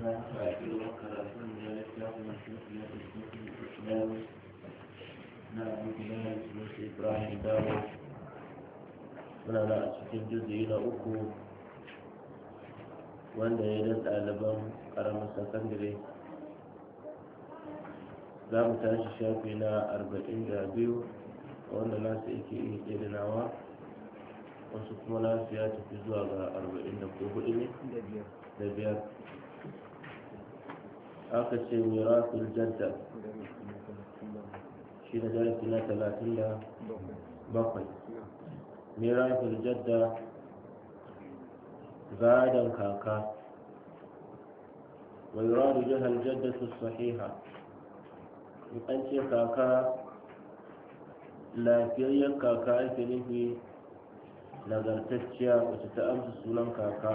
muna na a cikin juzi na uku wanda ya dan ɗaliban ƙaramin sakandare za mu tashi shafi na arba'in da wanda nasu yake iya ƙirinawa wasu kuma nasu ya tafi zuwa ga arba'in da ne da biyar عقد ميراث الجدة شيل ذلك لا ثلاثين بقي ميراث الجدة بعد كاكا ويراد جهة الجدة الصحيحة أنت كاكا لا كريا كاكا في نفي نظرتك وتتأمس سنان كاكا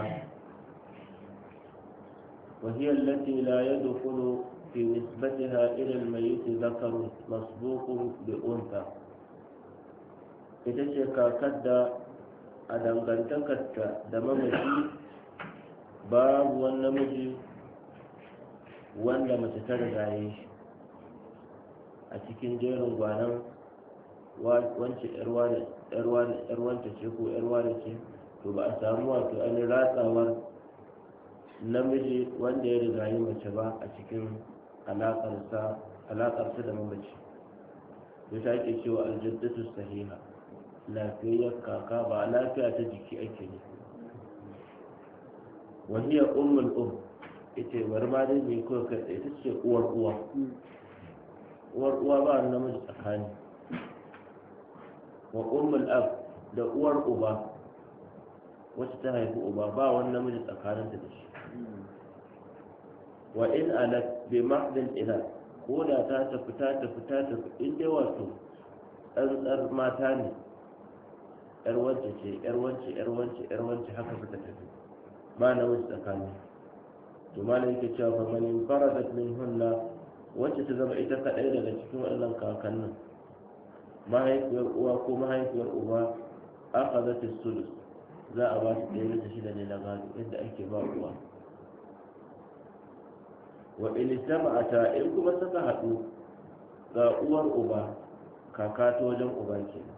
وهي التي لا يدخل في نسبتها إلى الميت ذكر مسبوق بأنثى ita ce kakar da a dangantakarta da mamaci babu wani namiji wanda mace ta rigaye shi a cikin jerin gwana wance yarwa da ce ko yarwa da ce to ba a samu wato an ratsawar namiji wanda ya riga yi mace ba a cikin alaƙarsa da mamaci ya ta ake cewa aljaddatu sahiha lafiyar kaka ba lafiya ta jiki ake ne Wani ya umar um ita bar warma dai mai kuwa kai ita ce uwar uwa uwar uwa ba namiji tsakani wa umar ab da uwar uba wacce ta haifi uba ba wani namiji tsakanin da shi wa in ala bi mahdin ila ko da ta tafi ta tafi ta tafi in dai wato tsantsar mata ne yar wance ce yar wance yar wance yar wance haka ta tafi ba na wuce tsakani to malam yake cewa fa man infaradat min hunna wacce ta zama ita kadai daga cikin wannan kakannin mahaifiyar uwa ko mahaifiyar uwa, aka zata sulus za a ba su ɗaya da shida ne na gado yadda ake ba uwa wa ilistama'ata in kuma suka haɗu ga uwar uba kaka ta wajen uba kenan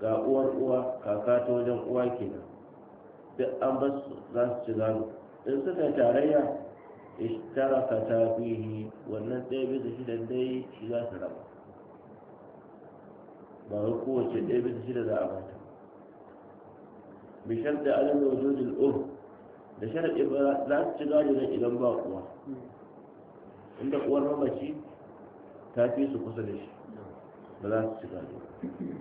ga uwar uwa kaka ta wajen uwa kenan duk an ba su za su ci gano in suka yi tarayya ka ta fihi wannan ɗaya shi shida dai shi za su raba ba wai kowace ɗaya shi shida za a bata bishar da alamun wajen ur um, da sharaɗi ba za su ci gado na idan ba kuwa inda uwar mamaci ta fi su kusa da shi ba za su ci ne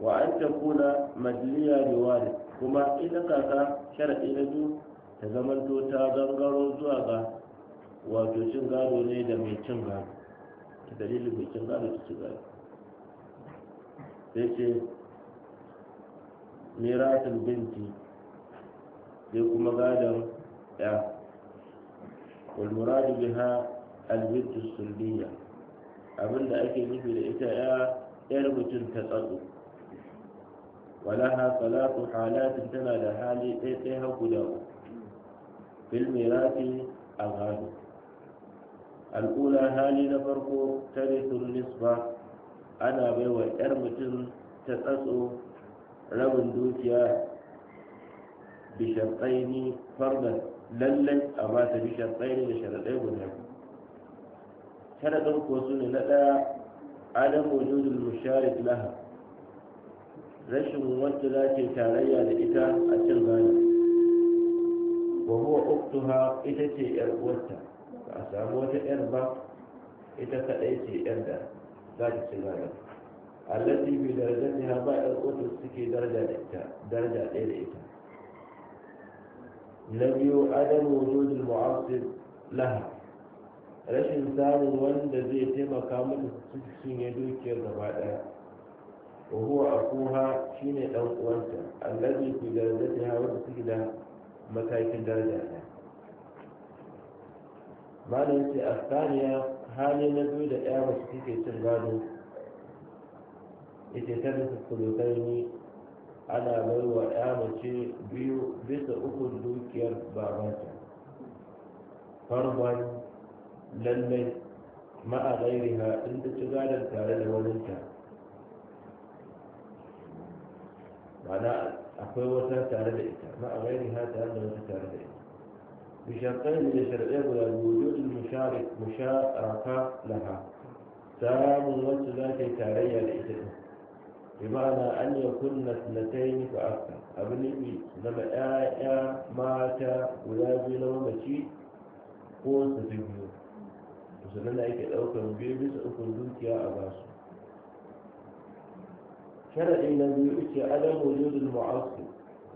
wa an ta kuna majliya da wari kuma ita kaka sharaɗi na biyu ta zama ta gangaro zuwa ga wato cin gado ne da mai cin gado ta dalilin mai cin gado ta ci gado sai ce miratul binti sai kuma gadon ya والمراد بها الود السلبية أبن أكيد في الإتاء يربط تقضي ولها ثلاث حالات تنا لحال إتاها قدام في الميراث أغاني الأولى هالي نفرق ترث النصف أنا بيوى إرمت تتأسو رب دوتيا بشرطين فردا lallai a ba ta bi sharɗai ne da sharaɗai guda sharaɗin ko su ne na ɗaya adam wujudul musharik laha rashin wacce za ke tarayya da ita a cin gana wa huwa uktuha ita ce yar uwarta ba a samu wata yar ba ita kaɗai ce yar da za ta ci gana allati bi darajatiha ba yar uwarta suke daraja da ita daraja ɗaya da ita na biyu adam wujudul mu'assib laha rashin samun wanda zai taimaka mata sun cinye dukiyar gaba daya a huwa akuha shine dan uwanta allazi fi darajatiha wanda take da matakin daraja ne malam ce a tsaniya hali na biyu da ɗaya masu take cin gado ita ta da sulutai ana baiwa ya mace biyu bisa ukun dukiyar babanta farban lallai ma'a gairiha in ta ci gadon tare da waninta mana akwai wata tare da ita ma'a gairiha tare da wata tare da ita بشرطين لشرعيه وجود المشارك مشاركة لها سلام وسلاك تارية لإتنه bimana an yi kunna sinatayin ku aska abu nufi zama mata guda biyu na mamaci ko su fi biyu su suna na yake daukan biyu bisa dukiya a basu sharaɗin na biyu ce adam wujudin mu'afsu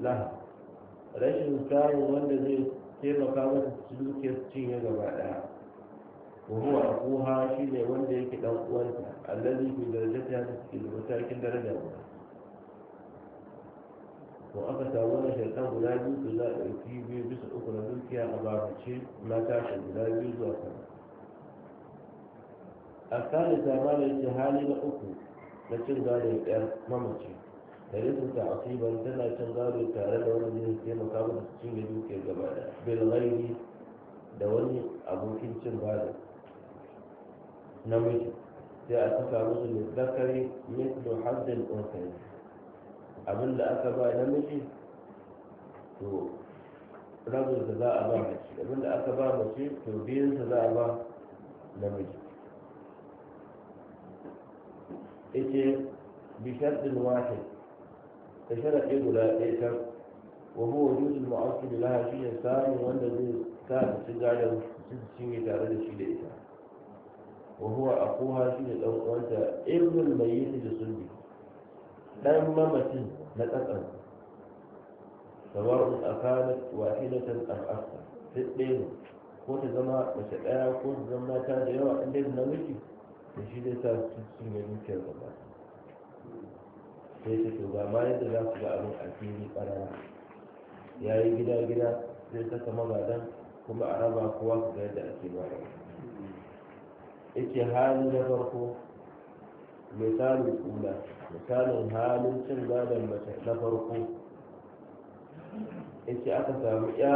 na rashin kayan wanda zai taimaka masa su dukiya su cinye gaba ɗaya وهو أخوها شيني وانده يكي أخوانها الذي في درجتها تسكيل وتاكل درجة وأبا تاولا شيطان لا يجوز لا يكي بي بس أخرى ملكيا أبارك شيء ما تعشد لا يجوز أخرى الثالثة ما لإجهالي لأخو لكن ذلك يا مامتي ليس تعصيبا تنا تنغار تعالى لو من يتم مقابل السجن يدوك الجبال بالغير دوني أبوكين تنغارك نموذج في أسفة رسل الذكري مثل حد الأنثى أبل لأسفة نموذج تو رجل تداء أبا مشي أبن لأسفة مشي تو بيز تداء أبا نموذج إيه بشرط واحد تشرح إيه لا إيه وهو وجود المؤكد لها شيء ثاني وأن ذي ثالث سجاجة سجاجة سجاجة سجاجة wa a akuha shi da dan uwanta ibnul mayyit da sunni dan mamacin na tsatsan sawa'un akanat wahidatan am akthar fitne ko ta zama mace daya ko ta zama da yawa inda namiji da shi zai sa su sun yi dukiyar gaba sai ta to ba ma yadda za su ga abin alfini ƙarara ya yi gida-gida zai saka magadan kuma a raba kowa su ga yadda ake ba yake hali na farko misalin kula misalin halin cin gadon mace na farko yake aka samu ya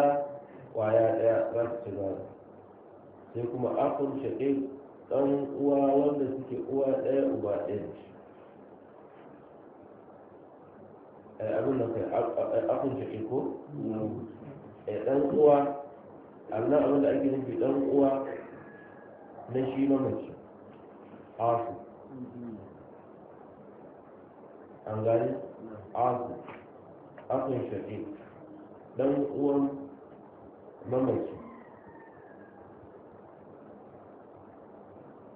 kwaya daya za ta ci gado sai kuma akun shaƙi ɗan uwa wanda suke uwa ɗaya uba ɗaya da shi ai eh, abin da kai eh, akun shaƙi ko ai eh, ɗan uwa annan abin da ake nufi ɗan uwa na shi mamaci asu an gani asu asun shaƙi ɗan uwan mamaci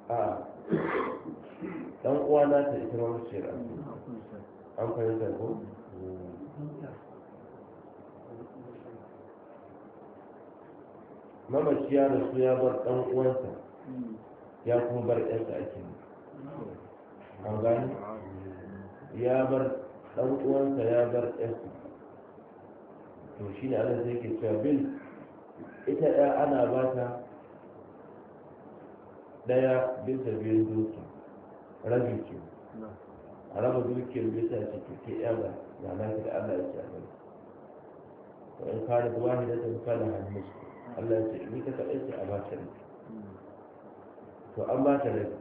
a ɗan uwa na ta ita mamaciyar an fahimta ko? mamaci ya rasu ya bar ɗan uwansa ya kuma bar ɗansa a kini an gani ya bar ɗan'uwansa ya bar ɗansa to shi ne ana sai ke cewa bil ita ɗaya ana ba ta ɗaya bisa biyun duki rabin ke a raba dukiyar bisa ce ke ɗaya ba na lafi da allah ya ce a ya وإن in واحدة فلها النصف الله يسعدك فأنت أبا شريك to an ba ta laifi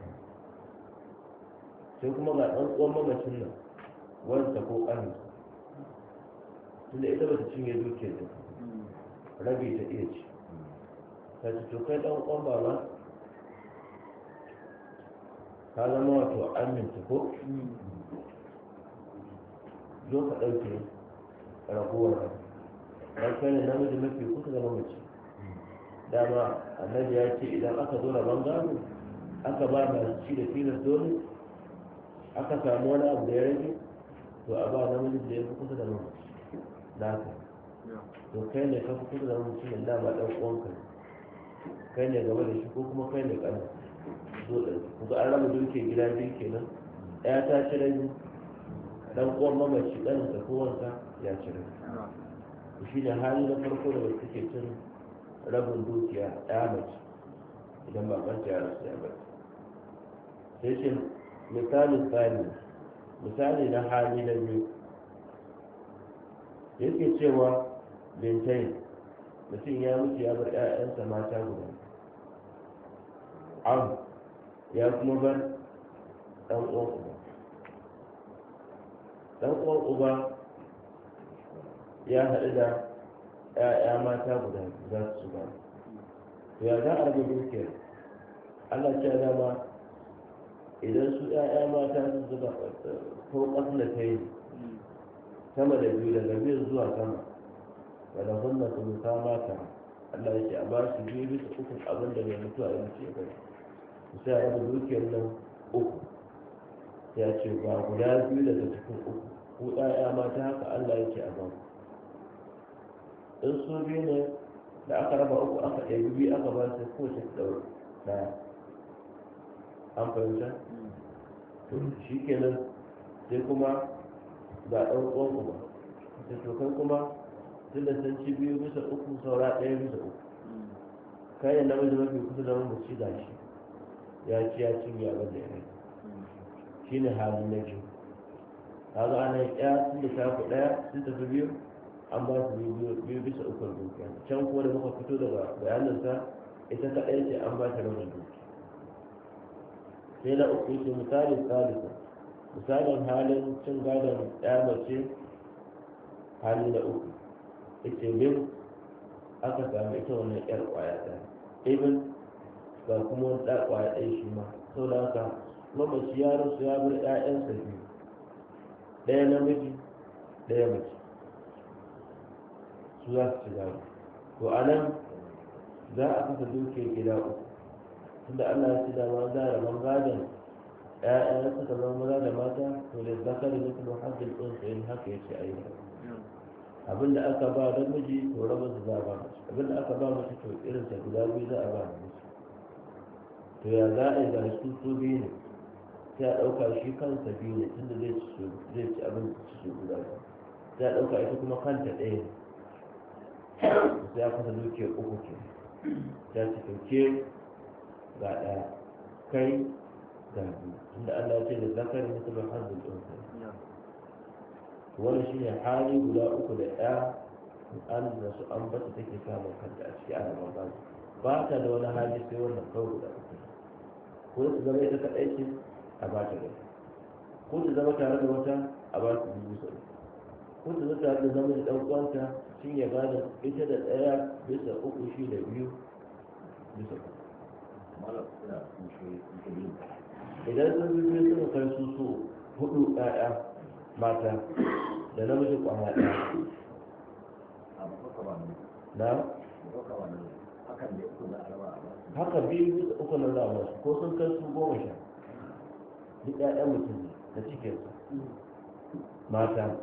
sai kuma ga ɗan tsohon mamacin nan wanda ko ƙanin tunda ita ta cinye dukiyar da rabi ta iya ci ta ci to kai ɗan tsohon ma. ta zama wato aminta ko zo ka ɗauke ragowar ɗan ne namiji mafi kusa zama mace dama annabi ya ce idan aka zo rabon gano. aka ba masu ci da tilas dole aka samu wani abu da ya rage to a ba namijin da ya fi kusa da mamaci da haka to kai ne ka fi kusa da mamaci da dama ɗan uwanka kai ne gaba da shi ko kuma kai ne ƙana zo ɗan kuka an rama duke gida biyu kenan ɗaya ta ci rabi ɗan uwan mamaci ɗan ko wanka ya ci rabi shi ne hali na farko da wasu ke cin rabin dukiya ya mace idan ba kwanta ya rasu ya bata sai ce misali tsari misali na hali na biyu yake cewa bintai mutum ya mutu ya bar 'ya'yansa mata guda an ya kuma bar ɗan uwan uba ɗan uwan uba ya haɗu da 'ya'ya mata guda za su ba ya za a rage dukiyar Allah ce dama idan su ƴaƴa mata su zuba ko ƙasna ta yi sama da biyu daga biyu zuwa sama wadda hunna su musa mata Allah ya ce a ba su biyu bisa uku abin da mai mutuwa ya ce bai su sai a dukiyar nan uku ya ce ba guda biyu daga cikin uku ko ƴaƴa mata haka Allah ya ce a ba in su biyu ne da aka raba uku aka ɗaya biyu aka ba su ko ta ɗaya an fahimta shi kenan sai kuma ga ɗan uwan ba, da tokan kuma tun da san ci biyu bisa uku saura ɗaya bisa uku kayan namiji mafi kusa da mun ci da shi ya ci ya cin ya wanda ya shi ne hali na biyu kaga ana ya sun da shafi ɗaya sun tafi biyu an ba su biyu bisa uku da dukiya can kuma da muka fito daga bayanansa ita ta ce an ba ta raunin dukiya sai na uku yake misalin salisa misalin halin cin gadon ya mace hali na uku ita bin aka samu ita wannan yar kwaya ɗaya ibin ga kuma wani ɗan kwaya ɗaya shi ma sau da haka mamaci ya rasu ya bar ƴaƴansa biyu ɗaya namiji ɗaya mace su za su ci gado to a nan za a kasa duke gida uku tunda Allah ya ce da ma da man gadon ya'ya suka zama maza da mata to da zakari na kuma haddin ɗin tsayin haka ya ce a yi abinda aka ba don miji to rabin su za a ba abinda aka ba mace to irin ta guda biyu za a ba mace to ya za a yi ga shi su biyu ne sai a ɗauka shi kansa biyu ne tunda zai ci abin su guda biyu sai a ɗauka ita kuma kanta ɗaya ne sai a kasa dukiyar uku ke ta ce ke. ga ɗaya kai ga biyu inda Allah ce da zakari mutum hazin ɗin kai wani shi ne hali guda uku da ɗaya an da su an bata take samun kanta a ciki ana magana ba ta da wani hali sai wannan kawai guda uku ko su zama ita kaɗai ce a ba ta gaba ko su zama tare da wata a ba su biyu sau ko su zama tare da zama da ɗan'uwanta uwanta shi ya ba da ita da ɗaya bisa uku shi da biyu bisa uku idan sun zuzuyi suna kai su su hudu ɗaya mata da na namiji kwana ɗaya na haka biyu uku na zama su ko sun kai su goma sha duk ɗaya mutum da cikin mata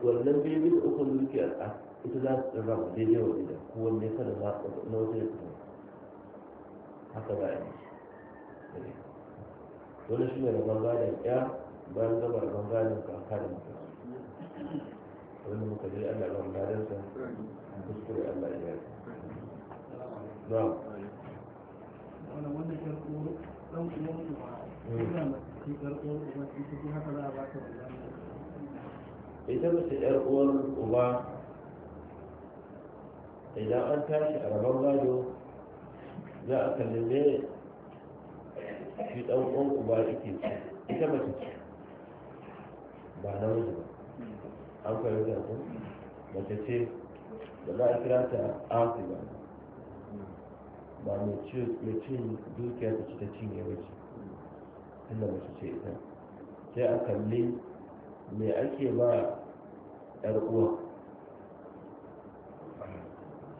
wannan biyu uku da suke a ita za su raba daidai wa ko wanne kada za na wata ya haka za a yi dole shi ne rabon gadon ya bayan gaba rabon da muka wani muka je allah rabon sa kuskure allah ya yi na uwa hmm. ina haka za a ba ta ita mace ɗan uwar uba idan an tashi a rabon gado za a kalli ne shi ɗan uwan uba yake ci ita mace ce ba na wuce ba an kwayo da ku mace ce da za a kira ta afi ba ba mai cin dukiya ta ci ta cinye ba ce inda mace ce ita sai a kalli me ake ba yar uwa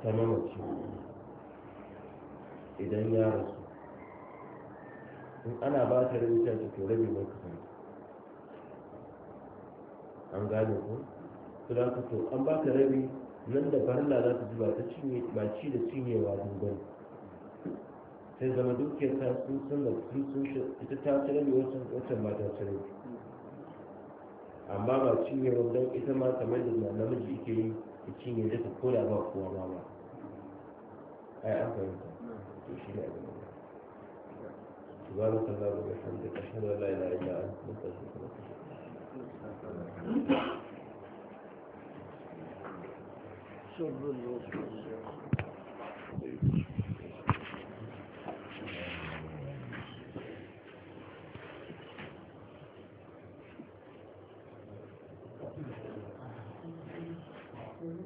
ta mamaci idan ya rasu in ana ba ta rubuta ta to rabi mai kusan an gane ku Su da ku to an ba ka rabi nan da barna za ta zuba ta cinye ba ci da cinyewa dogon sai zama dukiyar ta sun sun da sun sun ita ta ci rabi wancan wancan ba ta ci amma ba cinyewa don ita ma kamar da namiji yake yi ta cinye duka ko da ba kowa ba ai an fahimta to shi ne abin da su ba maka labar da